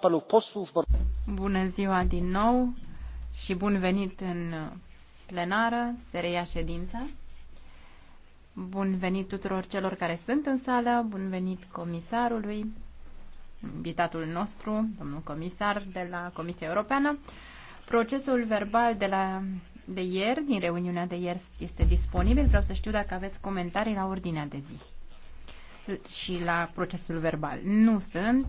panów posłów. bună ziua din nou și bun venit în plenară. Se reia ședința. Bun venit tuturor celor care sunt în sală, bun venit comisarului, invitatul nostru, domnul comisar de la Comisia Europeană. Procesul verbal de la de ieri, din reuniunea de ieri, este disponibil. Vreau să știu dacă aveți comentarii la ordinea de zi și la procesul verbal. Nu sunt.